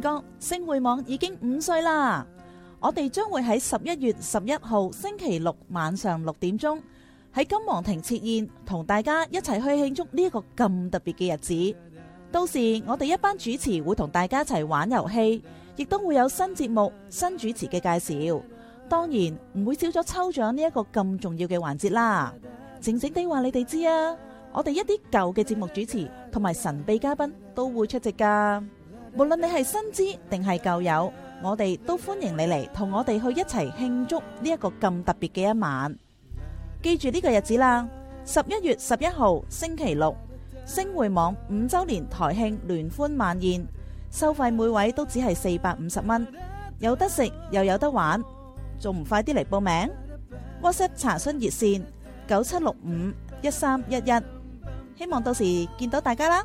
哥，星匯網已經五歲啦！我哋將會喺十一月十一號星期六晚上六點鐘喺金皇庭設宴，同大家一齊去慶祝呢一個咁特別嘅日子。到時我哋一班主持會同大家一齊玩遊戲，亦都會有新節目、新主持嘅介紹。當然唔會少咗抽獎呢一個咁重要嘅環節啦。靜靜地話你哋知啊，我哋一啲舊嘅節目主持同埋神秘嘉賓都會出席噶。無論你係新知定係舊友，我哋都歡迎你嚟同我哋去一齊慶祝呢一個咁特別嘅一晚。記住呢個日子啦，十一月十一號星期六，星匯網五周年台慶聯歡晚宴，收費每位都只係四百五十蚊，有得食又有得玩，仲唔快啲嚟報名？WhatsApp 查詢熱線九七六五一三一一，希望到時見到大家啦。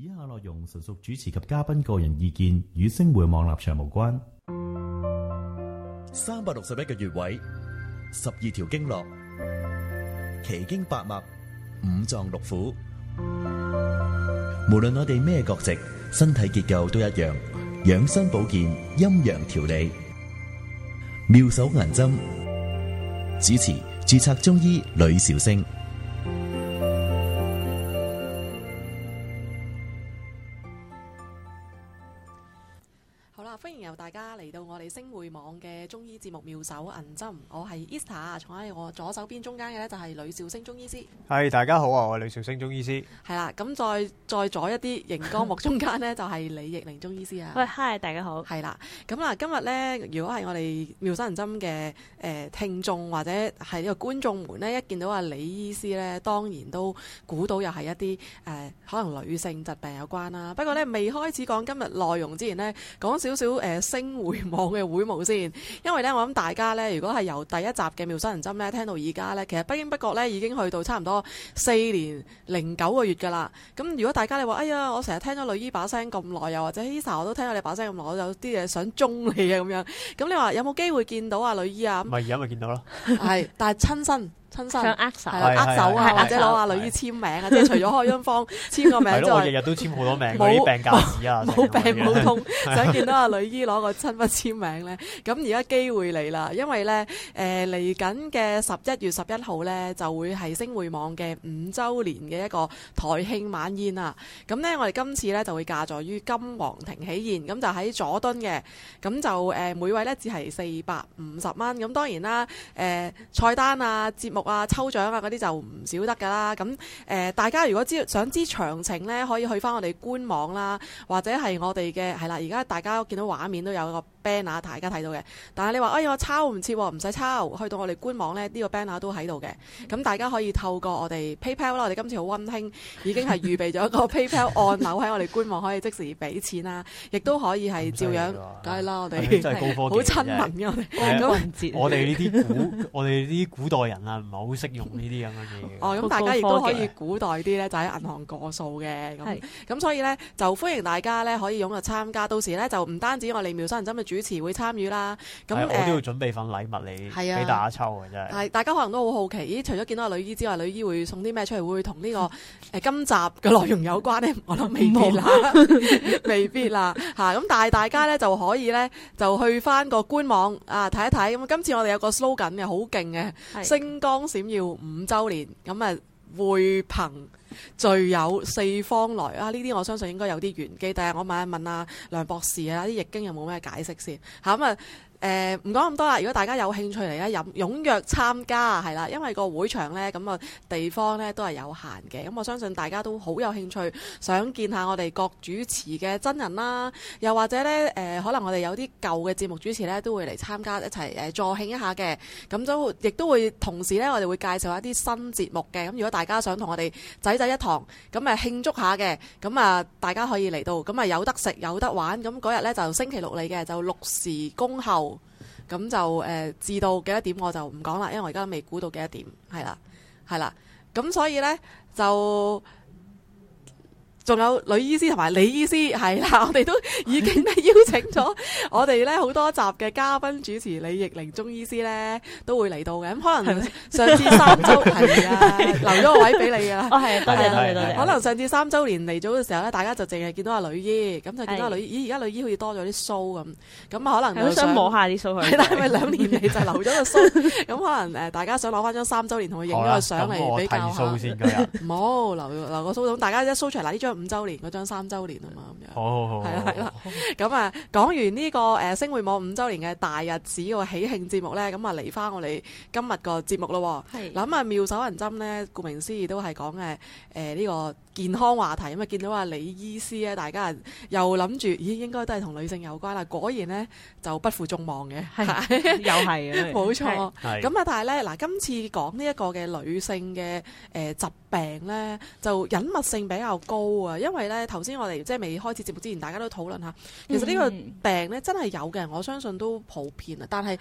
以下內容純屬主持及嘉賓個人意見，與星匯網立場無關。三百六十一個穴位，十二條經絡，奇經八脈，五臟六腑。無論我哋咩國籍，身體結構都一樣。養生保健，陰陽調理，妙手銀針。主持註冊中醫呂小星。星匯網嘅中醫節目《妙手銀針》，我係 Easter，坐喺我左手邊中間嘅呢就係呂兆星中醫師。係，大家好啊，我係呂兆星中醫師。係 啦，咁再再左一啲熒光幕中間呢就係李亦玲中醫師啊。喂，hi 大家好。係啦，咁嗱，今日呢，如果係我哋《妙手銀針》嘅誒、呃、聽眾或者係呢個觀眾們呢，一見到啊李醫師呢，當然都估到又係一啲誒、呃、可能女性疾病有關啦。不過呢，未開始講今日內容之前呢，講少少誒星匯網嘅。嘅會務先，因為咧，我諗大家咧，如果係由第一集嘅妙手銀針咧聽到而家咧，其實不經不覺咧已經去到差唔多四年零九個月㗎啦。咁如果大家你話，哎呀，我成日聽咗女醫把聲咁耐，又或者 Lisa 我都聽咗你把聲咁耐，我有啲嘢想中你啊咁樣。咁你話有冇機會見到啊女醫啊？唔係，而家咪見到咯。係，但係親身。親身，想握手，握手啊！或者攞阿女醫簽名啊！即係除咗開音方簽個名，之外日日都簽好多名。冇病假紙啊！冇病冇痛，想見到阿女醫攞個親筆簽名咧。咁而家機會嚟啦，因為咧，誒嚟緊嘅十一月十一號咧，就會係星匯網嘅五週年嘅一個台慶晚宴啊。咁咧，我哋今次咧就會假座於金皇庭喜宴，咁就喺佐敦嘅。咁就誒每位咧只係四百五十蚊。咁當然啦，誒菜單啊，節目。啊！抽獎啊！嗰啲就唔少得噶啦。咁誒、呃，大家如果知想知詳情咧，可以去翻我哋官網啦，或者係我哋嘅系啦。而家、啊、大家見到畫面都有個。大家睇到嘅，但係你話哎呀我抄唔切喎，唔使抄，去到我哋官網咧呢個 banner 都喺度嘅，咁大家可以透過我哋 PayPal 啦，我哋今次好溫馨，已經係預備咗一個 PayPal 按鈕喺我哋官網， 可以即時俾錢啊，亦都可以係照樣，梗係啦，我哋真係好親民嘅，我哋呢啲古， 我哋呢啲古代人啊，唔係好識用呢啲咁嘅嘢。 哦，咁大家亦都可以古代啲咧，就喺銀行過數嘅咁，咁的所以咧就歡迎大家咧可以踴躍參加，的到時咧就唔單止我哋妙手銀針嘅主持會參與啦，咁、嗯嗯、我都要準備份禮物你，俾大家抽嘅真係。大家可能都好好奇，除咗見到阿女醫之外，女醫會送啲咩出嚟？會同呢、這個誒 今集嘅內容有關呢？我諗未必啦， 未必啦了吓。咁 但係大家咧就可以咧就去翻個官網啊睇一睇。咁今次我哋有個 slogan 嘅，好勁嘅，星光閃耀五周年。咁啊。會朋聚有四方來啊！呢啲我相信應該有啲玄機，但係我問一問阿、啊、梁博士啊，啲易經有冇咩解釋先？好啊。嗯誒唔講咁多啦，如果大家有興趣嚟咧，飲踴躍參加係啦，因為個會場呢，咁個地方呢都係有限嘅。咁我相信大家都好有興趣，想見下我哋各主持嘅真人啦。又或者呢，誒、呃，可能我哋有啲舊嘅節目主持呢都會嚟參加一齊助慶一下嘅。咁都亦都會同時呢，我哋會介紹一啲新節目嘅。咁如果大家想同我哋濟濟一堂，咁咪慶祝下嘅，咁啊大家可以嚟到，咁啊有得食有得玩。咁嗰日呢，就星期六嚟嘅，就六時恭候。咁就誒、呃、至到幾多點我就唔講啦，因為我而家未估到幾多點，係啦係啦，咁所以呢，就。仲有女醫師同埋李醫師係啦，我哋都已經邀請咗我哋咧好多集嘅嘉賓主持李逸玲中醫師咧都會嚟到嘅。咁可能上次三週係啊，留咗個位俾你嘅啦。哦，係多謝你，多謝你。可能上次三週年嚟咗嘅時候咧，大家就淨係見到阿女醫，咁就見到阿女醫。而家女醫好似多咗啲鬚咁，咁可能想摸下啲鬚係啦。係咪兩年嚟就留咗個鬚？咁可能誒大家想攞翻張三週年同佢影咗個相嚟比較。冇留留個鬚，咁大家一 search 出嚟呢張。五周年嗰張三周年啊嘛，咁樣、哦，係啦係啦，咁啊講完呢個誒星匯網五周年嘅大日子嘅喜慶節目呢，咁啊嚟返我哋今日個節目咯，諗啊的、嗯、妙手銀針呢，顧名思義都係講嘅，誒、呃、呢、呢個。健康話題咁啊，見到啊李醫師咧，大家又諗住，咦，應該都係同女性有關啦。果然呢，就不負眾望嘅，又係啊，冇錯。咁啊，但係呢，嗱，今次講呢一個嘅女性嘅誒疾病呢，就隱密性比較高啊。因為呢，頭先我哋即係未開始節目之前，大家都討論下，嗯、其實呢個病呢真係有嘅，我相信都普遍啊，但係。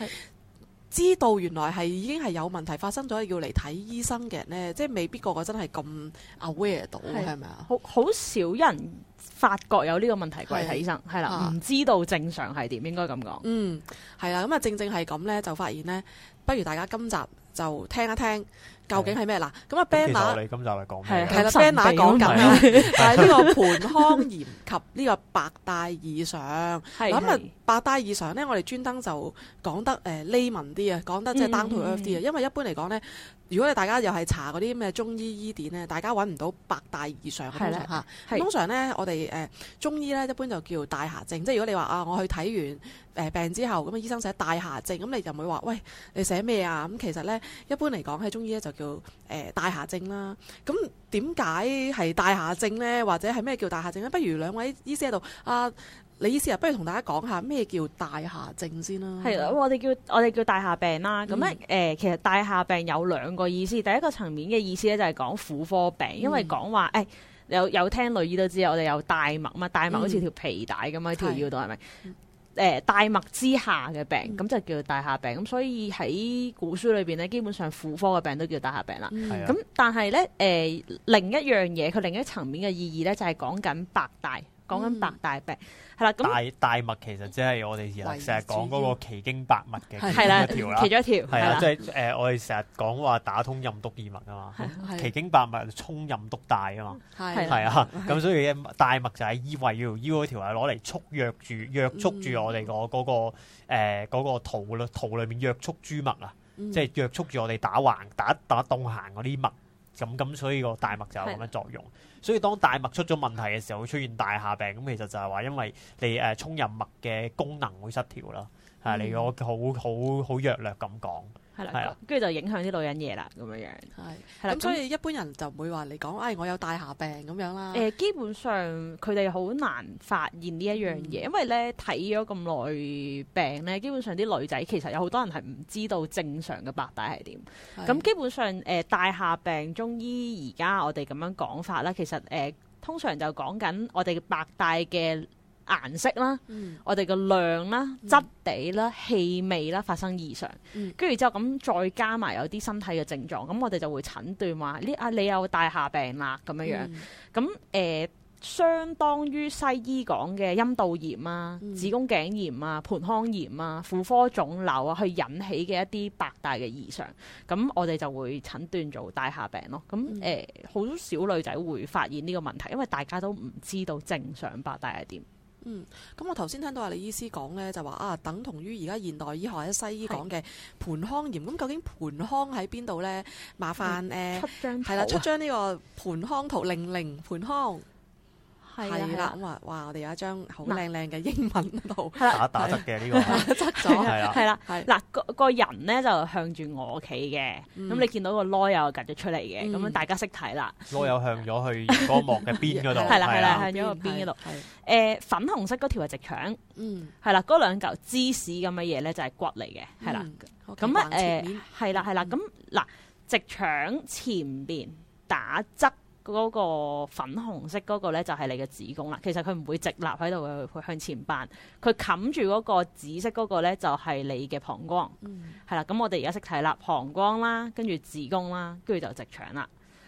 知道原來係已經係有問題發生咗，要嚟睇醫生嘅人呢，即係未必個個真係咁 aware 到的，係咪啊？好好少人發覺有呢個問題，過嚟睇醫生係啦，唔知道正常係點，應該咁講。嗯，係啦，咁啊正正係咁呢，就發現呢，不如大家今集，就聽一聽究竟係咩啦？咁啊，Ben 奶咁就嚟講咩啊？係啦，Ben 奶講緊係呢個盆腔炎及呢個白帶異常。咁啊，白帶異常咧，我哋專登就講得誒 layman 啲啊，講、呃、得即係 down to earth 啲啊。嗯、因為一般嚟講咧，如果你大家又係查嗰啲咩中醫醫典咧，大家揾唔到白帶異常嘅嘢嚇。通常咧，我哋誒、呃、中醫咧，一般就叫帶下症。即、就、係、是、如果你話啊，我去睇完誒病之後，咁啊醫生寫帶下症，咁你就唔會話喂，你寫咩啊？咁其實咧。一般嚟講，喺中醫咧就叫誒、呃、帶下症啦，咁點解係帶下症咧？或者係咩叫帶下症咧？不如兩位醫師喺度，阿李醫師啊，不如同大家講下咩叫帶下症先啦。係啦，我哋叫我哋叫帶下病啦。咁咧誒，其實帶下病有兩個意思，第一個層面嘅意思咧就係講婦科病，嗯、因為講話誒有有聽女醫都知啊，我哋有帶脈嘛，帶脈好似條皮帶咁啊，條、嗯、腰度係咪？誒、呃、帶脈之下嘅病，咁、嗯、就叫帶下病，咁所以喺古書裏邊咧，基本上婦科嘅病都叫帶下病啦。咁、嗯、但係咧，誒、呃、另一樣嘢，佢另一層面嘅意義咧，就係講緊白帶。講緊白帶病係啦，咁帶帶脈其實即係我哋成日講嗰個奇經八脈嘅一條啦，其中一條係啊，即係誒我哋成日講話打通任督二脈啊嘛，奇經八脈衝任督帶啊嘛，係啊，咁所以帶脈就喺腰圍要腰嗰條啊，攞嚟束約住約束住我哋個嗰個誒嗰個途咯，途裡面約束諸脈啊，即係約束住我哋打橫打打東行嗰啲脈，咁咁所以個帶脈就有咁嘅作用。所以當帶脈出咗問題嘅時候，會出現帶下病。咁其實就係話，因為你誒、呃、沖任脈嘅功能會失調啦，係、嗯啊、你個好好好約略咁講。係啦，跟住就影響啲女人嘢啦，咁樣樣。係，咁所以一般人就唔會話你講，哎，我有帶下病咁樣啦。誒、呃，基本上佢哋好難發現呢一樣嘢，嗯、因為咧睇咗咁耐病咧，基本上啲女仔其實有好多人係唔知道正常嘅白帶係點。咁的基本上誒、呃、帶下病，中醫而家我哋咁樣講法啦，其實誒、呃、通常就講緊我哋白帶嘅。顏色啦，嗯、我哋嘅量啦、質地啦、嗯、氣味啦，發生異常，跟住之後咁再加埋有啲身體嘅症狀，咁我哋就會診斷話：呢啊、嗯、你，你有帶下病啦咁樣樣。咁誒、嗯呃，相當於西醫講嘅陰道炎啊、嗯、子宮頸炎啊、盆腔炎啊、婦科腫瘤啊，去引起嘅一啲白帶嘅異常，咁我哋就會診斷做帶下病咯。咁誒，好、呃、少女仔會發現呢個問題，因為大家都唔知道正常白帶係點。嗯，咁我頭先聽到阿李醫師講呢，就話啊，等同於而家現代醫學或者西醫講嘅盆腔炎，咁究竟盆腔喺邊度呢？麻煩誒，係啦、嗯，出張呢、啊嗯、個盆腔圖，零零盆腔。係啦，咁啊，哇！我哋有一張好靚靚嘅英文度打打側嘅呢個打側咗，係啦，係啦，嗱個個人咧就向住我企嘅，咁你見到個囉柚趌咗出嚟嘅，咁大家識睇啦。囉柚向咗去嗰幕嘅邊嗰度，係啦，係啦，向咗個邊嗰度。誒粉紅色嗰條係直腸，嗯，係啦，嗰兩嚿芝士咁嘅嘢咧就係骨嚟嘅，係啦，咁誒係啦，係啦，咁嗱直腸前邊打側。嗰個粉紅色嗰個咧就係、是、你嘅子宮啦，其實佢唔會直立喺度向前辦，佢冚住嗰個紫色嗰個咧就係、是、你嘅膀胱，係啦、嗯，咁我哋而家識睇啦，膀胱啦，跟住子宮啦，跟住就直腸啦。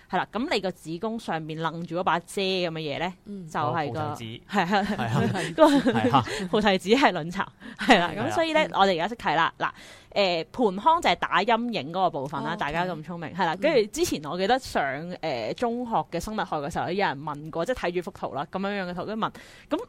係啦，咁 你個子宮上邊擸住嗰把遮咁嘅嘢咧，嗯、就係、嗰個係係係個菩提子係卵、 嗯、 巢，係 啦。咁所以咧，嗯、我哋而家識睇啦。嗱，誒盆腔就係打陰影嗰個部分啦。哦、大家咁聰明，係啦。跟住之前我記得上誒、呃、中學嘅生物學嘅時候，有人問過，即係睇住幅圖啦，咁樣樣嘅圖都問咁。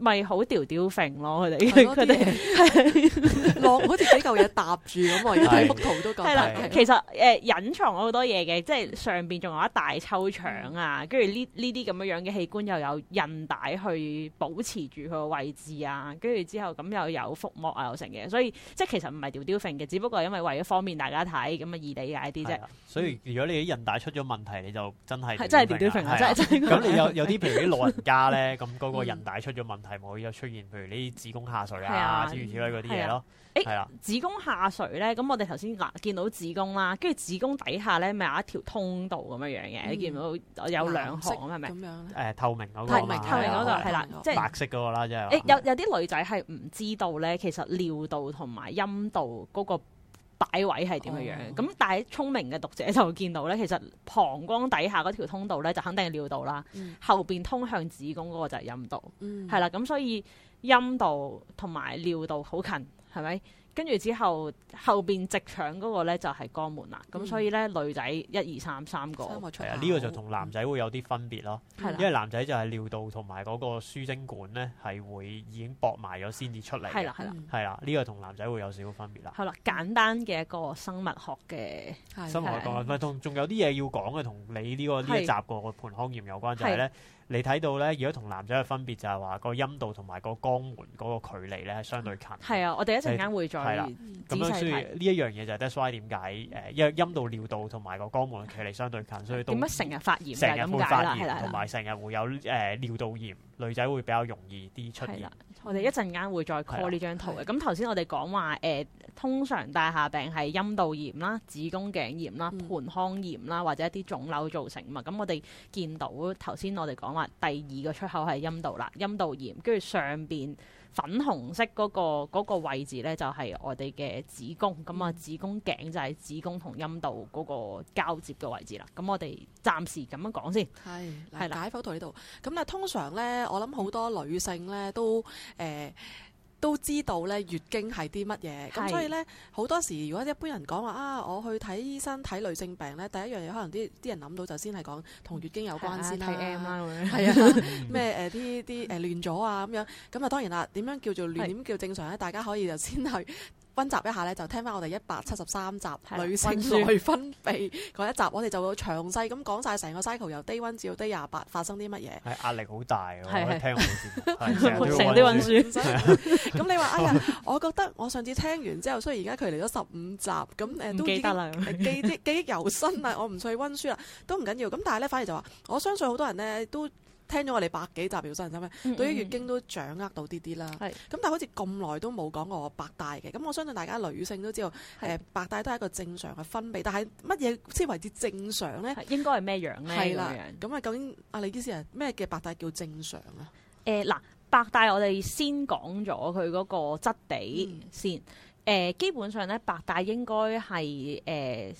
咪好調調揈咯，佢哋佢哋落好似幾嚿嘢搭住咁，或者幅圖都得。係啦，其實誒隱藏咗好多嘢嘅，即係上邊仲有一大抽腸啊，跟住呢呢啲咁樣樣嘅器官又有韌帶去保持住佢個位置啊，跟住之後咁又有腹膜啊，有成嘅，所以即係其實唔係調調揈嘅，只不過因為為咗方便大家睇咁啊易理解啲啫。所以如果你啲韌帶出咗問題，你就真係真係調調揈啊！真係真係。咁你有有啲譬如啲老人家咧，咁嗰個韌帶出咗問題。係唔有出現，譬如呢啲子宮下垂啊，啊、嗯、之類之類嗰啲嘢咯。誒、欸，啊、子宮下垂咧，咁我哋頭先嗱見到子宮啦，跟住子宮底下咧，咪有一條通道咁樣樣嘅，嗯、你見到有兩行色咁係咪？透明嗰個。透明透明嗰個係啦，即係白色嗰個啦，即係。誒，有有啲女仔係唔知道咧，其實尿道同埋陰道嗰、那個。擺位係點樣樣？咁、oh. 但係聰明嘅讀者就會見到咧，其實膀胱底下嗰條通道咧，就肯定係尿道啦。Mm. 後邊通向子宮嗰個就係陰道，係啦、mm. 咁所以陰道同埋尿道好近，係咪？跟住之後，後邊直腸嗰個咧就係、是、肛門啦。咁所以咧女仔一二三三個，係啊，呢個就同男仔會有啲分別咯。係啦，因為男仔就係尿道同埋嗰個輸精管咧，係會已經搏埋咗先至出嚟。係、嗯、啦，係啦、嗯，係啦，呢個同男仔會有少少分別啦。係啦，簡單嘅一個生物學嘅生物學講，唔係同仲有啲嘢要講嘅，同你呢、這個呢是一集個盆腔炎有關就係、是、咧。是你睇到咧，如果同男仔嘅分別就係話個陰道同埋個肛門嗰個距離咧係相對近。係啊，我哋一陣間會再仔細睇。咁樣所以呢一樣嘢就係 describe 點解誒，因為陰道尿道同埋個肛門嘅距離相對近，所以點解成日發炎？成日會發炎，同埋成日會有誒尿道炎。女仔會比較容易啲出現。係啦，我哋一陣間會再 call 呢張圖嘅。咁頭先我哋講話誒，通常帶下病係陰道炎啦、子宮頸炎啦、盆腔炎啦，或者一啲腫瘤造成啊嘛。咁、嗯、我哋見到頭先我哋講話第二個出口係陰道啦，陰道炎，跟住上邊。粉紅色嗰、那個那個位置咧，就係、是、我哋嘅子宮，咁啊、嗯、子宮頸就係子宮同陰道嗰個交接嘅位置啦。咁我哋暫時咁樣講先，係係啦，解剖圖呢度。咁啊，通常咧，我諗好多女性咧都誒。呃都知道咧，月經係啲乜嘢咁，所以咧好多時，如果一般人講話啊，我去睇醫生睇女性病咧，第一樣嘢可能啲啲人諗到就先係講同月經有關先啦。睇 M 啦咁樣。係啊，咩誒啲啲誒亂咗啊咁樣，咁 啊當然啦，點樣叫做亂？點叫正常咧？大家可以就先去。聞 ông Leute 温習一,一下咧，就聽翻我哋一百七十三集女性內分泌嗰一集，我哋就會詳細咁講晒成個 cycle 由 day one 至到 day 28發生啲乜嘢，係壓力好大嘅，我聽唔成啲温書咁。 你話說 哎呀，我覺得我上次聽完之後，雖然而家佢嚟咗十五集，咁誒、呃、都記得啦，記啲記憶猶新啊，我唔再温書啦，都唔緊要緊。咁但係咧，反而就話我相信好多人咧都。聽咗我哋百幾集《妙手銀針》咧，對於月經都掌握到啲啲啦。咁、嗯嗯、但係好似咁耐都冇講過我白帶嘅。咁我相信大家女性都知道，誒的白帶都係一個正常嘅分泌，但係乜嘢先為之正常咧？應該係咩樣咧？咁啊的，究竟阿李醫師咩嘅白帶叫正常咧？誒嗱、呃，白帶我哋先講咗佢嗰個質地先。誒、嗯呃、基本上咧，白帶應該係誒、呃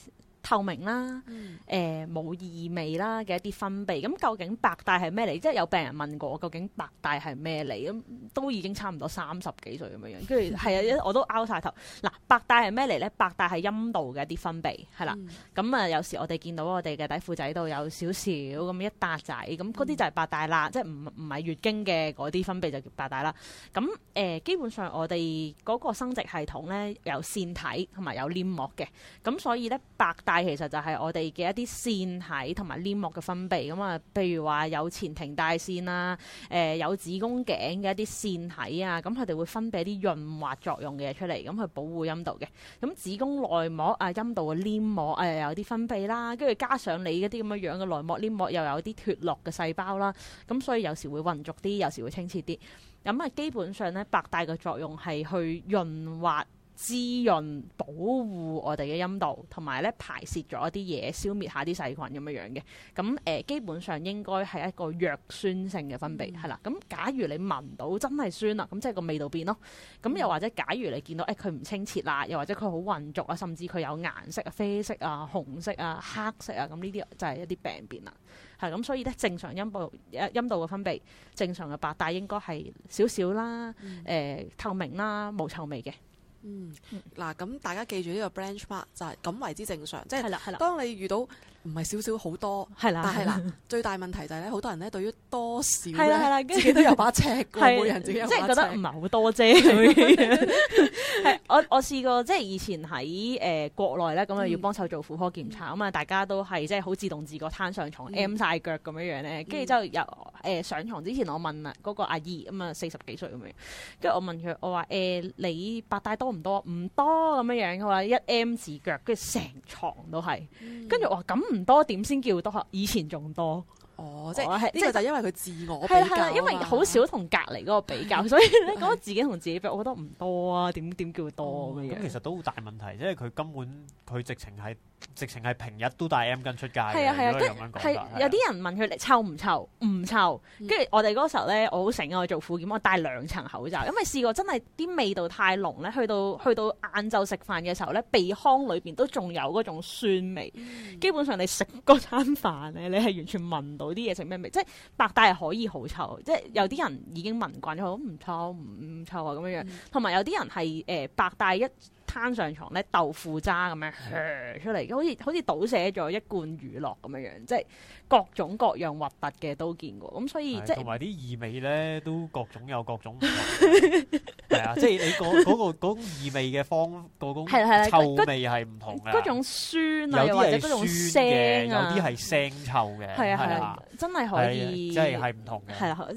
透明啦，誒冇、嗯呃、異味啦嘅一啲分泌，咁究竟白帶係咩嚟？即係有病人問過我，究竟白帶係咩嚟？咁都已經差唔多三十幾歲咁樣樣， 跟住係啊，我都拗晒頭。嗱，白帶係咩嚟咧？白帶係陰道嘅一啲分泌，係啦。咁啊、嗯，嗯嗯、有時我哋見到我哋嘅底褲仔度有少少咁一笪仔，咁嗰啲就係白帶啦，嗯、即係唔唔係月經嘅嗰啲分泌就叫白帶啦。咁誒，基本上我哋嗰個生殖系統咧有腺體同埋有黏膜嘅，咁所以咧白帶其實就係我哋嘅一啲腺體同埋黏膜嘅分泌，咁啊，譬如話有前庭大腺啦、啊，誒、呃、有子宮頸嘅一啲腺體啊，咁佢哋會分泌一啲潤滑作用嘅嘢出嚟，咁去保護陰道嘅。咁子宮內膜啊，陰道嘅黏膜誒、啊、有啲分泌啦，跟住加上你嗰啲咁樣樣嘅內膜黏膜又有啲脫落嘅細胞啦，咁所以有時會混濁啲，有時會清澈啲。咁啊，基本上咧，白帶嘅作用係去潤滑。滋潤保護我哋嘅陰道，同埋咧排泄咗一啲嘢，消滅下啲細菌咁樣樣嘅。咁誒、呃，基本上應該係一個弱酸性嘅分泌係啦。咁、嗯、假如你聞到真係酸啦，咁即係個味道變咯。咁又或者假如你見到誒佢唔清澈啦，又或者佢好混濁啊，甚至佢有顏色啊，啡色啊、紅色啊、黑色啊，咁呢啲就係一啲病變啦。係咁、嗯，所以咧，正常陰部陰陰道嘅分泌，正常嘅白帶應該係少少啦，誒、呃、透明啦，冇臭味嘅。嗯，嗱，咁大家記住呢個 branch mark 就係咁為之正常，即係，係啦係啦，當你遇到。唔係少少好多，係啦，係啦。最大問題就係咧，好多人咧對於多少咧，自己都有把尺嘅，每人自己，即係覺得唔係好多啫。我我試過即係以前喺誒國內咧，咁啊要幫手做婦科檢查啊嘛，大家都係即係好自動自覺攤上床 M 晒腳咁樣樣咧，跟住之後有誒上床之前，我問啦嗰個阿姨咁啊四十幾歲咁樣，跟住我問佢，我話誒你白帶多唔多？唔多咁樣樣，佢話一 M 字腳，跟住成床都係，跟住我話咁。唔多，點先叫多，以前仲多。哦，即係呢是個就因為佢自我、啊啊、因為好少同隔離嗰個比較， 所以咧講自己同自己比較，我覺得唔多啊！點點叫多咁、嗯、樣其實都好大問題，即係佢根本佢直情係直情係平日都戴 M 巾出街。係啊係啊，跟住有啲人問佢嚟臭唔臭？唔臭。跟住、嗯、我哋嗰時候咧，我好醒啊！我做婦檢，我戴兩層口罩，因為試過真係啲味道太濃咧，去到去到晏晝食飯嘅時候咧，鼻腔裏邊都仲有嗰種酸味。嗯、基本上你食嗰餐飯咧，你係完全聞到。有啲嘢食咩味？即係白帶係可以好臭，即係有啲人已經聞慣咗，唔臭唔臭啊咁樣樣。同埋、嗯、有啲人係誒、呃、白帶一。攤上床咧，豆腐渣咁樣、呃、出嚟，好似好似倒瀉咗一罐乳酪咁樣樣，即係各種各樣核突嘅都見過，咁所以對即係同埋啲異味咧，都各種有各種，係 啊，即係你嗰、嗰、嗰、個嗰個嗰個異味嘅方嗰種、嗰個、臭味係唔同嘅，嗰種酸啊，有酸或者嗰種腥、啊、有啲係腥臭嘅，係啊係啊。的的真係可以，即係係唔同嘅，係啊，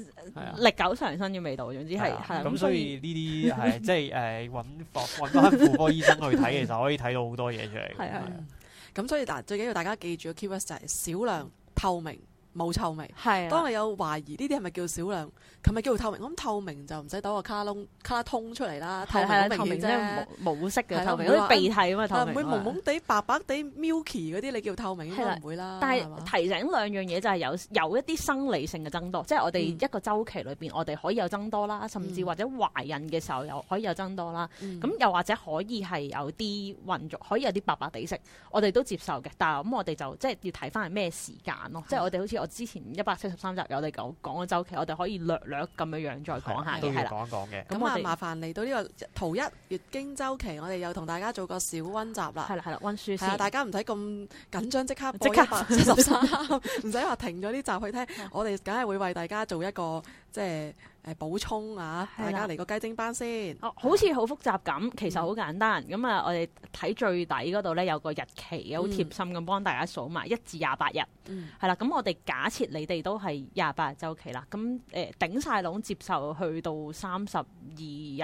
歷久常新嘅味道，總之係係。咁所以呢啲係即係誒揾揾返婦科醫生去睇，其實可以睇到好多嘢出嚟。係啊，咁所以嗱，最緊要大家記住個 key words 就係少量透明。冇臭味，係當你有懷疑呢啲係咪叫少量，係咪叫透明？咁透明就唔使倒個卡窿、卡通出嚟啦。透明啫，冇色嘅透明，啲鼻涕咁透明。唔會朦朦地、白白地、milky 嗰啲，你叫透明應該唔會啦。但係提醒兩樣嘢就係有有一啲生理性嘅增多，即係我哋一個周期裏邊，我哋可以有增多啦，甚至或者懷孕嘅時候又可以有增多啦。咁又或者可以係有啲混濁，可以有啲白白地色，我哋都接受嘅。但係咁我哋就即係要睇翻係咩時間咯，即係我哋好似。我之前一百七十三集有我哋講講嘅週期，我哋可以略略咁樣樣再講下，係啦，講一講嘅。咁我、啊、麻煩嚟到呢、這個圖一月經周期，我哋又同大家做個小溫習啦。係啦，係啦，溫書先。大家唔使咁緊張，即刻即立刻七十三，唔使話停咗呢集去聽。 我哋梗係會為大家做一個。即係誒、呃、補充啊！大家嚟個雞精班先，哦、好似好複雜咁，其實好簡單。咁啊、嗯，我哋睇最底嗰度咧有個日期，好貼心咁幫大家數埋一、嗯、至廿八日。係啦，嗯，咁我哋假設你哋都係廿八日週期啦，咁誒、呃、頂晒籠接受去到三十二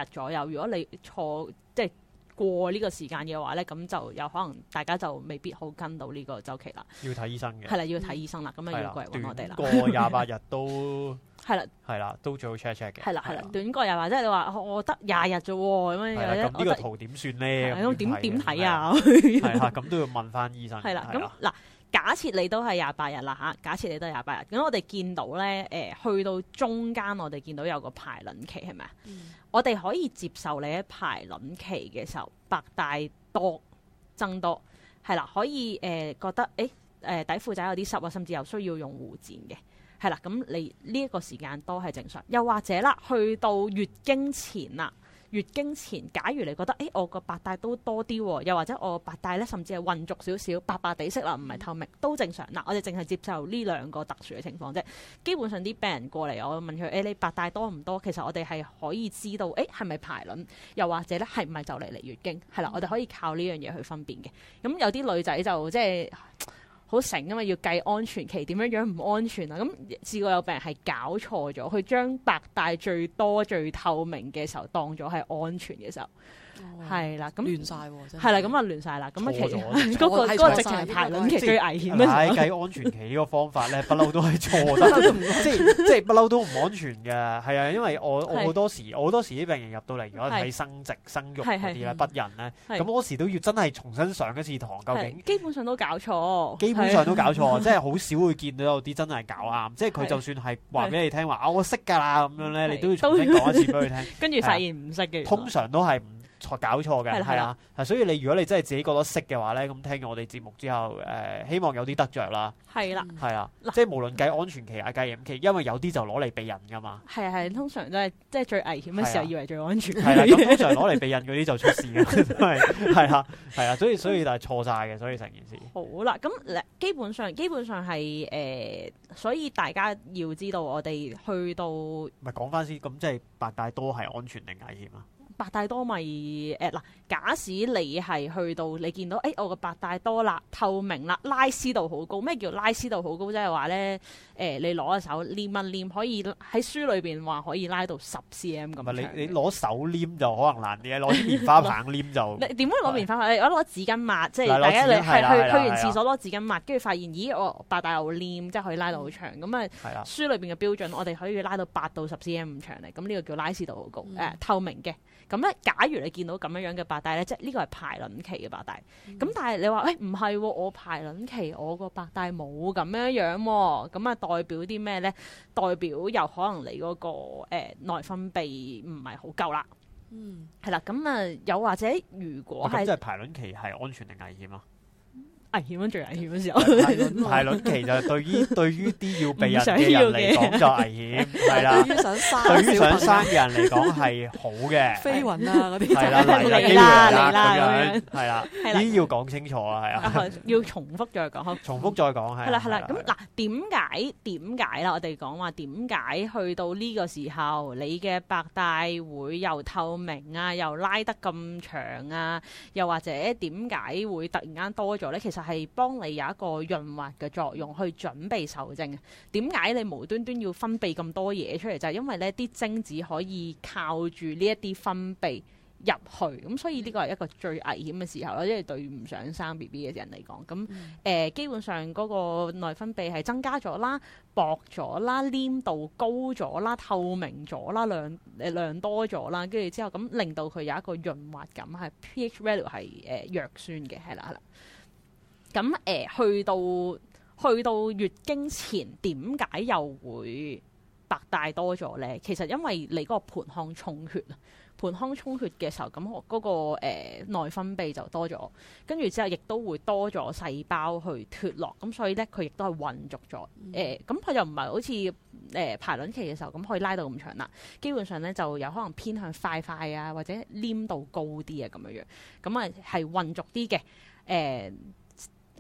日左右。如果你錯即係過呢個時間嘅話咧，咁就有可能大家就未必好跟到呢個週期啦。要睇醫生嘅，係啦，要睇醫生啦。咁啊，要過嚟搵我哋啦。過廿八日都。 係啦，係啦，都最好 check check 嘅。係啦，係啦，短過又或者你話我得廿日啫，咁樣，咁呢個圖點算咧？點點睇啊？係咁都要問翻醫生。係啦，咁嗱，假設你都係廿八日啦吓，假設你都係廿八日，咁我哋見到咧，誒，去到中間我哋見到有個排卵期係咪啊？我哋可以接受你喺排卵期嘅時候白帶多增多，係啦，可以誒覺得誒，誒底褲仔有啲濕啊，甚至又需要用護墊嘅。係啦，咁你呢一個時間都係正常。又或者啦，去到月經前啦，月經前假如你覺得，誒、欸、我個白帶都多啲喎，又或者我白帶咧甚至係混濁少少，白白地色啦，唔係透明，都正常。嗱，我哋淨係接受呢兩個特殊嘅情況啫。基本上啲病人過嚟，我問佢，誒、欸、你白帶多唔多？其實我哋係可以知道，誒係咪排卵？又或者咧係唔係就嚟嚟月經？係啦、嗯，我哋可以靠呢樣嘢去分辨嘅。咁有啲女仔就即係。好醒㗎嘛，要計安全期點樣樣唔安全啊！咁試過有病人係搞錯咗，佢將白帶最多最透明嘅時候當咗係安全嘅時候。係啦，咁亂晒係啦，咁啊亂晒啦，咁啊期嗰個嗰個直情係排卵期最危險啦。計安全期呢個方法咧，不嬲都係錯，即係即係不嬲都唔安全嘅。係啊，因為我我好多時，我好多時啲病人入到嚟，如果睇生殖，生育嗰啲咧，不孕咧，咁好多時都要真係重新上一次堂，究竟基本上都搞錯，基本上都搞錯，即係好少會見到有啲真係搞啱，即係佢就算係話俾你聽話，我識噶啦咁樣咧，你都要重新講一次俾佢聽，跟住發現唔識嘅，通常都係唔。錯搞錯嘅係啦，所以你如果你真係自己覺得識嘅話咧，咁聽我哋節目之後，誒、呃，希望有啲得着啦。係啦，係啦，即係無論計安全期啊，計 M 期，因為有啲就攞嚟避孕噶嘛。係啊係，通常都係即係最危險嘅時候，的以為最安全。係啦，咁、嗯、通常攞嚟避孕嗰啲就出事啦，係係啊係啊，所以所以就係錯晒嘅，所以成件事。好啦，咁基本上基本上係誒、呃，所以大家要知道，我哋去到唔係講翻先，咁即係白帶多係安全定危險啊？白帶多咪誒嗱，假使你係去到你見到，誒我個白帶多啦，透明啦，拉絲度好高。咩叫拉絲度好高？即係話咧，誒，你攞手黏一黏，可以喺書裏邊話可以拉到十 cm 咁長。你你攞手黏就可能難啲，攞棉花棒黏，就點解攞棉花棒？我攞紙巾抹，即係第一你去完廁所攞紙巾抹，跟住發現咦我白帶又黏，即係可以拉到好長。咁啊書裏邊嘅標準，我哋可以拉到八到十 cm 咁長嚟。咁呢個叫拉絲度好高，誒透明嘅。咁咧，假如你見到咁樣樣嘅白帶咧，即係呢個係排卵期嘅白帶。咁、嗯、但係你話誒唔係喎，我排卵期我個白帶冇咁樣、啊、樣喎，咁啊代表啲咩咧？代表又可能你嗰、那個誒、呃、內分泌唔係好夠啦。嗯，係啦，咁啊又或者如果係、啊，即係排卵期係安全定危險啊？危險咯，最危險嗰時候。係咯，其實對於對於啲要避人嘅人嚟講就危險，係啦。對於想生嘅人嚟講係好嘅。飛雲啊，嗰啲就嚟啦嚟啦咁樣。係啦，呢啲要講清楚啊，係啊。要重複再講，重複再講係。係啦係啦，咁嗱，點解點解啦？我哋講話點解去到呢個時候，你嘅白帶會又透明啊，又拉得咁長啊，又或者點解會突然間多咗咧？其實。係幫你有一個潤滑嘅作用，去準備受精。點解你無端端要分泌咁多嘢出嚟？就係、是、因為呢啲精子可以靠住呢一啲分泌入去，咁所以呢個係一個最危險嘅時候啦。因為對唔想生 BB 嘅人嚟講，咁誒、呃、基本上嗰個內分泌係增加咗啦，薄咗啦，黏度高咗啦，透明咗啦，量誒量多咗啦，跟住之後咁令到佢有一個潤滑感，係 pH value 係誒弱酸嘅，係啦，係啦。咁誒、呃，去到去到月經前，點解又會白帶多咗咧？其實因為你嗰個盆腔充血啊，盆腔充血嘅時候，咁嗰、那個誒、呃、內分泌就多咗，跟住之後亦都會多咗細胞去脫落，咁所以咧佢亦都係混濁咗誒。咁、呃、佢就唔係好似誒、呃、排卵期嘅時候咁可以拉到咁長啦，基本上咧就有可能偏向快快啊，或者黏度高啲啊咁樣樣，咁啊係混濁啲嘅誒。呃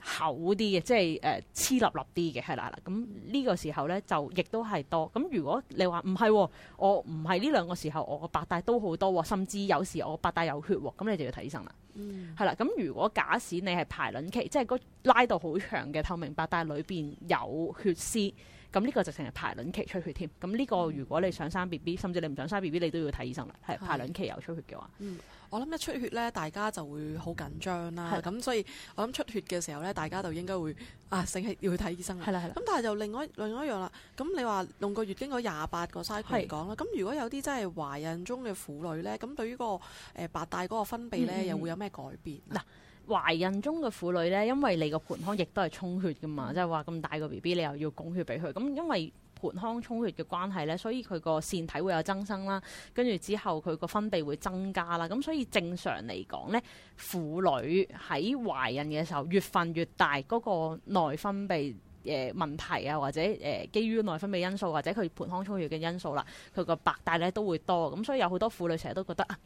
厚啲嘅，即係誒黐立立啲嘅，係、呃、啦啦。咁呢個時候咧，就亦都係多。咁如果你話唔係，我唔係呢兩個時候，我白帶都好多、哦，甚至有時我白帶有血、哦，咁你就要睇醫生、嗯、啦。係啦，咁如果假使你係排卵期，即係嗰拉到好長嘅透明白帶裏邊有血絲，咁呢個就成日排卵期出血添。咁呢個如果你想生 B B，甚至你唔想生 B B，你都要睇醫生啦。係，排卵期有出血嘅話。嗯我諗一出血咧，大家就會好緊張啦。咁的所以，我諗出血嘅時候咧，大家就應該會啊，醒起要去睇醫生啦。係啦的，係啦。咁但係就另外另外一樣啦。咁你話用個月經嗰廿八個 cycle 嚟講啦，咁的如果有啲真係懷孕中嘅婦女咧，咁對於個誒、呃、白帶嗰個分泌咧，又會有咩改變？嗱、嗯嗯，懷孕中嘅婦女咧，因為你個盆腔亦都係充血噶嘛，即係話咁大個 B B，你又要供血俾佢，咁因為。盆腔充血嘅關係呢，所以佢個腺體會有增生啦，跟住之後佢個分泌會增加啦，咁所以正常嚟講呢，婦女喺懷孕嘅時候，月份越大，嗰個內分泌。誒、呃、問題啊，或者誒、呃、基於內分泌因素，或者佢盆腔出血嘅因素啦，佢個白帶咧都會多，咁所以有好多婦女成日都覺得啊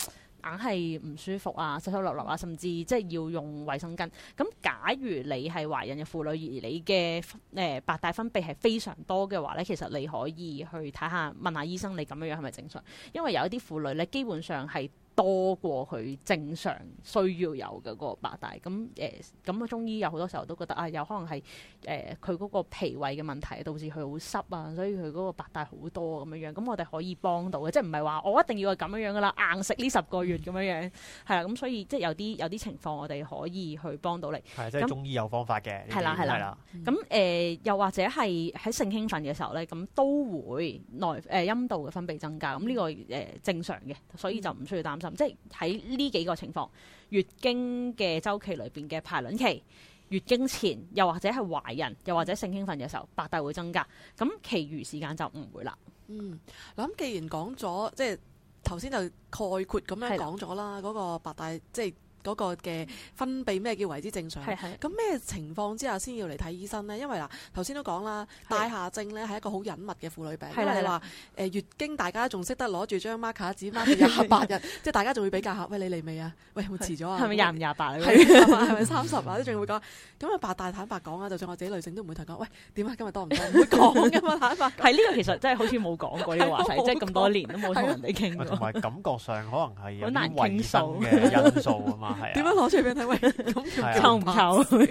硬係唔舒服啊，濕濕落落啊，甚至即係要用衛生巾。咁假如你係懷孕嘅婦女，而你嘅誒、呃、白帶分泌係非常多嘅話咧，其實你可以去睇下問下醫生，你咁樣樣係咪正常？因為有一啲婦女咧，基本上係，多過佢正常需要有嘅嗰個白帶，咁誒咁啊，呃、中醫有好多時候都覺得啊，有可能係誒佢嗰個脾胃嘅問題導致佢好濕啊，所以佢嗰個白帶好多咁樣樣，咁我哋可以幫到嘅，即係唔係話我一定要係咁樣樣㗎啦，硬食呢十個月咁樣樣，係啦，咁 所以即係、即係、有啲有啲情況我哋可以去幫到你，係即係中醫有方法嘅，係啦係啦，咁誒又或者係喺性興奮嘅時候咧，咁都會內誒陰道嘅分泌增加，咁呢、呢個誒正常嘅，所以就唔需要擔心。即係喺呢幾個情況，月經嘅周期裏邊嘅排卵期、月經前，又或者係懷孕，又或者性興奮嘅時候，白帶會增加。咁，其餘時間就唔會啦、嗯。嗯，我諗既然講咗，即係頭先就概括咁樣講咗啦，嗰個白帶即係。嗰個嘅分泌咩叫為之正常？咁咩情況之下先要嚟睇醫生呢？因為嗱，頭先都講啦，帶下症咧係一個好隱密嘅婦女病。係啦。你話，誒月經，大家仲識得攞住張 marker 紙，mark 廿八日，即係大家仲會比較下。喂，你嚟未啊？喂，遲咗啊？係咪廿五廿八啊？係咪三十啊？都仲會講。咁啊，白帶坦白講啊！就算我自己女性都唔會同講。喂，點啊？今日多唔多？唔會講嘅嘛，坦白。係呢個其實真係好似冇講過呢個話題，即係咁多年都冇同人哋傾。同埋感覺上可能係啲衞生嘅因素啊嘛。點、啊啊、樣攞出嚟俾睇？咁夠唔夠？咁嗱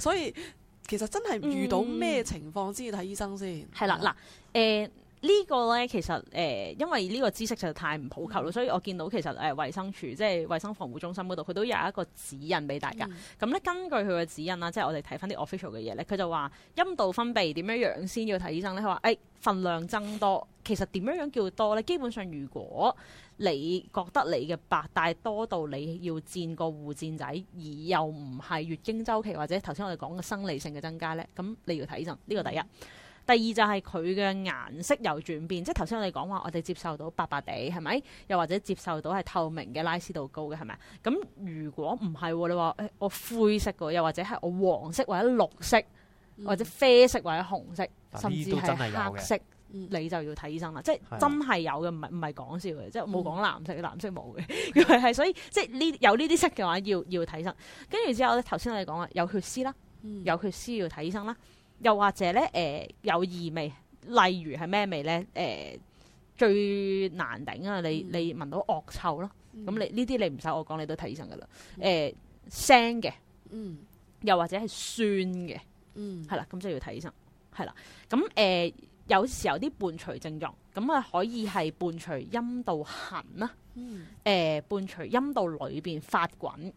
求， 所以其實真係遇到咩情況、嗯、先至睇醫生先。係啦、啊，嗱、啊，誒。呃呢個呢，其實誒、呃，因為呢個知識就太唔普及啦，嗯、所以我見到其實誒呃、衞生署即係衞生防護中心嗰度，佢都有一個指引俾大家。咁咧、嗯、根據佢嘅指引啦，即係我哋睇翻啲 official 嘅嘢呢，佢就話陰道分泌點樣樣先要睇醫生呢？佢話誒分量增多，其實點樣樣叫多呢？基本上如果你覺得你嘅白帶多到你要佔個護墊仔，而又唔係月經周期或者頭先我哋講嘅生理性嘅增加呢，咁你要睇醫生。呢、呢個第一。嗯第二就係佢嘅顏色有轉變，即係頭先我哋講話，我哋接受到白白地係咪？又或者接受到係透明嘅拉絲度高嘅係咪？咁如果唔係，你話誒、欸、我灰色嘅，又或者係我黃色或者綠色，嗯、或者啡色或者紅色，甚至係黑色，的的你就要睇醫生啦、嗯。即係真係有嘅，唔係唔係講笑嘅，即係冇講藍色，嗯、藍色冇嘅，係 係所以即係呢有呢啲色嘅話，要要睇醫生。跟住之後咧，頭先我哋講話，有血絲啦，有血絲要睇醫生啦。又或者咧，誒、呃、有異味，例如係咩味咧？誒、呃、最難頂啊！嗯、你你聞到惡臭咯，咁、嗯、你呢啲你唔使我講，你都睇醫生噶啦。誒、呃、腥嘅，嗯，又或者係酸嘅，嗯，係啦，咁就要睇醫生，係啦。咁誒、呃、有時候啲伴隨症狀，咁啊可以係伴隨陰道痕啦，誒伴隨陰道裏邊發滾，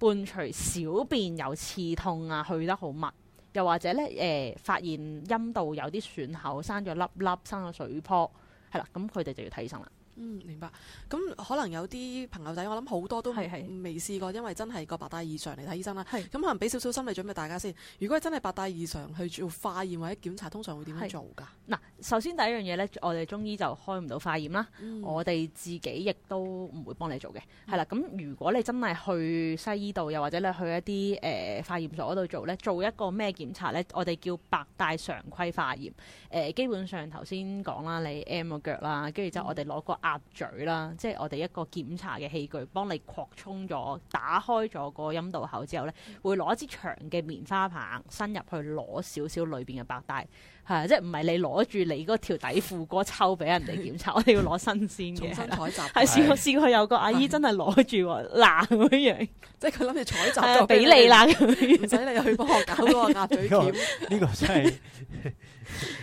伴隨小便有刺痛啊，去得好密。又或者咧，誒、呃、發現陰道有啲損口，生咗粒粒，生咗水泡，係啦，咁佢哋就要睇醫生啦。嗯，明白。咁可能有啲朋友仔，我諗好多都係未試過，因為真係個白帶異常嚟睇醫生啦。係，咁可能俾少少心理準備大家先。如果真係白帶異常，去做化驗或者檢查，通常會點樣做噶？嗱，首先第一樣嘢咧，我哋中醫就開唔到化驗啦。嗯、我哋自己亦都唔會幫你做嘅。係啦，咁如果你真係去西醫度，又或者你去一啲誒、呃、化驗所嗰度做咧，做一個咩檢查咧？我哋叫白帶常規化驗誒、呃，基本上頭先講啦，你 M 個腳啦、嗯，跟住之後我哋攞個。鴨嘴啦，即係我哋一個檢查嘅器具，幫你擴充咗，打開咗個陰道口之後咧，會攞支長嘅棉花棒伸入去攞少少裏邊嘅白帶，係即係唔係你攞住你嗰條底褲嗰抽俾人哋檢查，我哋要攞新鮮嘅，重新採集。係試過試過有個阿姨真係攞住嗱咁樣，即係佢諗住採集就俾你啦，唔使你去幫我搞嗰個鴨嘴鉗。呢個真係，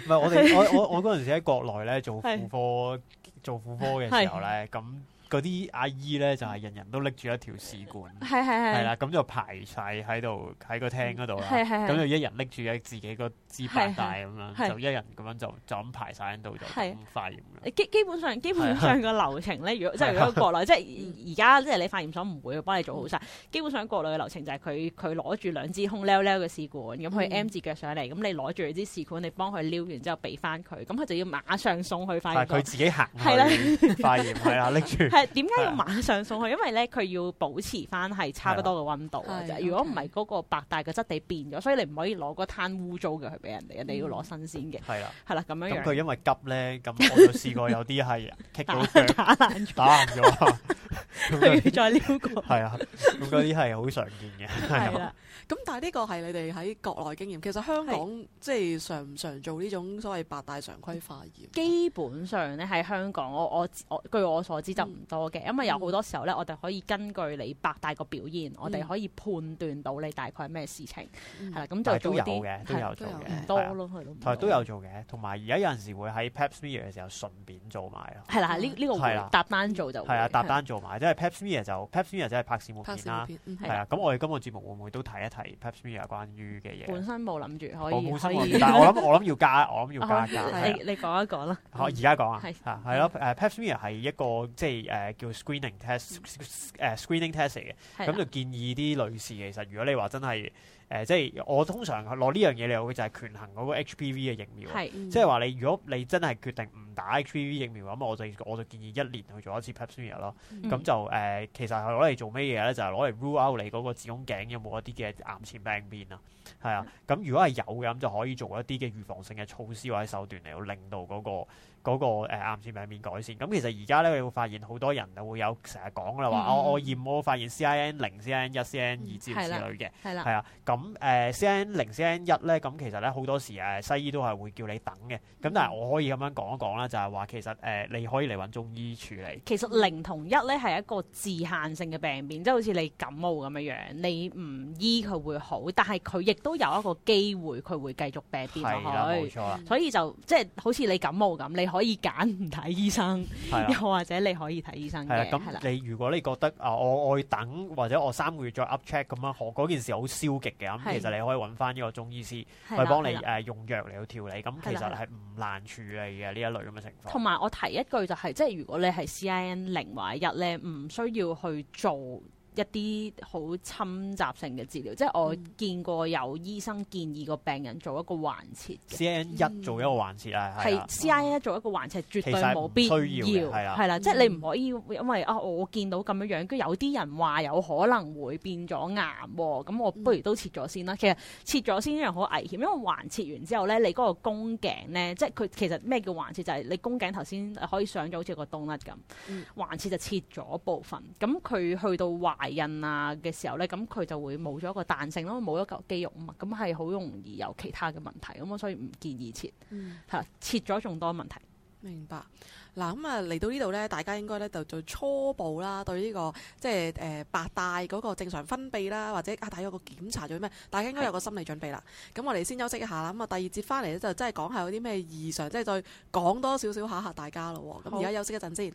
唔係我哋我我我嗰陣時喺國內咧做婦科。做婦科嘅時候咧，咁。嗰啲阿姨咧就係人人都拎住一條試管，係係係，啦，咁就排晒喺度喺個廳嗰度啦，係咁就一人拎住喺自己個支白帶咁樣，就一人咁樣就就咁排晒喺度就咁化驗。基基本上基本上個流程咧，如果即係如果國內即係而家即係你化驗所唔會幫你做好晒。基本上國內嘅流程就係佢佢攞住兩支空溜溜嘅試管，咁佢 M 字腳上嚟，咁你攞住支試管，你幫佢撩完之後俾翻佢，咁佢就要馬上送去化驗。係啦，化驗係啦，拎住。誒點解要馬上送去？因為咧，佢要保持翻係差不多嘅溫度嘅。如果唔係嗰個白帶嘅質地變咗，所以你唔可以攞個攤污糟嘅去俾人哋，人哋要攞新鮮嘅。係啦、嗯，係啦，咁樣樣。佢因為急咧，咁我就試過有啲係傾打爛咗了，打 再撩過，係啊， 啲係好常見嘅。咁 了 但係呢個係你哋喺國內經驗。其實香港對即係常唔常做呢種所謂白帶常規化驗？基本上咧，喺香港，我我我據我所知就知、嗯。多嘅，因為有好多時候咧，我哋可以根據你白帶嘅表現，我哋可以判斷到你大概係咩事情。係啦。咁就係都有嘅，都有做嘅多咯。係都有做嘅，同埋而家有陣時會喺 Pap smear 嘅時候順便做埋咯。係啦，係呢呢個搭單做就係啊，搭單做埋，即係 Pap smear 就 Pap smear 即係拍視目片啦。係啊，咁我哋今個節目會唔會都睇一睇 Pap smear 關於嘅嘢？本身冇諗住可以，但我諗我諗要加，我諗要加加。你你講一講啦。好，而家講啊。係啊，係咯。Pap smear 係一個即係。誒叫 screening test、嗯 uh, screening test，誒 screening test 嘅，咁、啊、就建議啲女士其實如、呃嗯，如果你話真係誒，即係我通常攞呢樣嘢你有嚟，就係權衡嗰個 HPV 嘅疫苗。即係話你如果你真係決定唔打 HPV 疫苗嘅咁我就我就建議一年去做一次 pap smear 咯。咁、嗯、就誒、呃，其實係攞嚟做咩嘢咧？就係攞嚟 rule out 你嗰個子宮頸有冇一啲嘅癌前病變啊。係啊、嗯，咁如果係有嘅，咁就可以做一啲嘅預防性嘅措施或者手段嚟，到令到嗰、那個。嗰、那個癌前病變改善，咁其實而家咧，會發現好多人就會有成日講啦，話我、嗯哦、我驗波發現 CIN 零、嗯、CIN 一、CIN 二之類嘅，係啦的，係啊的。咁誒 CIN 零、CIN 一咧，咁、呃、其實咧好多時誒西醫都係會叫你等嘅。咁但係我可以咁樣講一講啦，就係、是、話其實誒、呃、你可以嚟揾中醫處理。其實零同一咧係一個自限性嘅病變，即係好似你感冒咁樣樣，你唔醫佢會好，但係佢亦都有一個機會佢會繼續病變落去，冇錯。所以就即係好似你感冒咁，你，可以揀唔睇醫生，啊、又或者你可以睇醫生。係啦、啊，咁你的如果你覺得啊、呃，我我等或者我三個月再 up check，咁樣，嗰件事好消極嘅咁，的其實你可以揾翻呢個中醫師的去幫你誒的、呃、用藥嚟去調理。咁其實係唔難處理嘅呢的一類咁嘅情況。同埋我提一句就係、是，即係如果你係 CIN 零或一咧，唔需要去做一啲好侵襲性嘅治療，即係我見過有醫生建議個病人做一個環切。C N 一做一個環切啊，係 C I 一做一個環切，絕對冇必要，係啦，即係你唔可以因為啊，我見到咁樣樣，跟住有啲人話有可能會變咗癌，咁我不如都切咗先啦。其實切咗先一樣好危險，因為環切完之後咧，你嗰個宮頸咧，即係佢其實咩叫環切？就係你宮頸頭先可以上咗好似個東甩咁，環切就切咗部分，咁佢去到壞。印啊嘅時候咧，咁佢就會冇咗一個彈性咯，冇咗個肌肉啊嘛，咁係好容易有其他嘅問題，咁我所以唔建議切，吓、嗯、切咗仲多問題。明白嗱，咁啊嚟、嗯、到呢度咧，大家應該咧就做初步啦，對呢、這個即係誒白帶嗰個正常分泌啦，或者啊，大家有個檢查做咩，大家應該有個心理準備啦。咁是我哋先休息一下啦，咁啊第二節翻嚟咧就真係講下有啲咩異常，即、就、係、是、再講多少少吓吓大家咯。咁而家休息一陣先。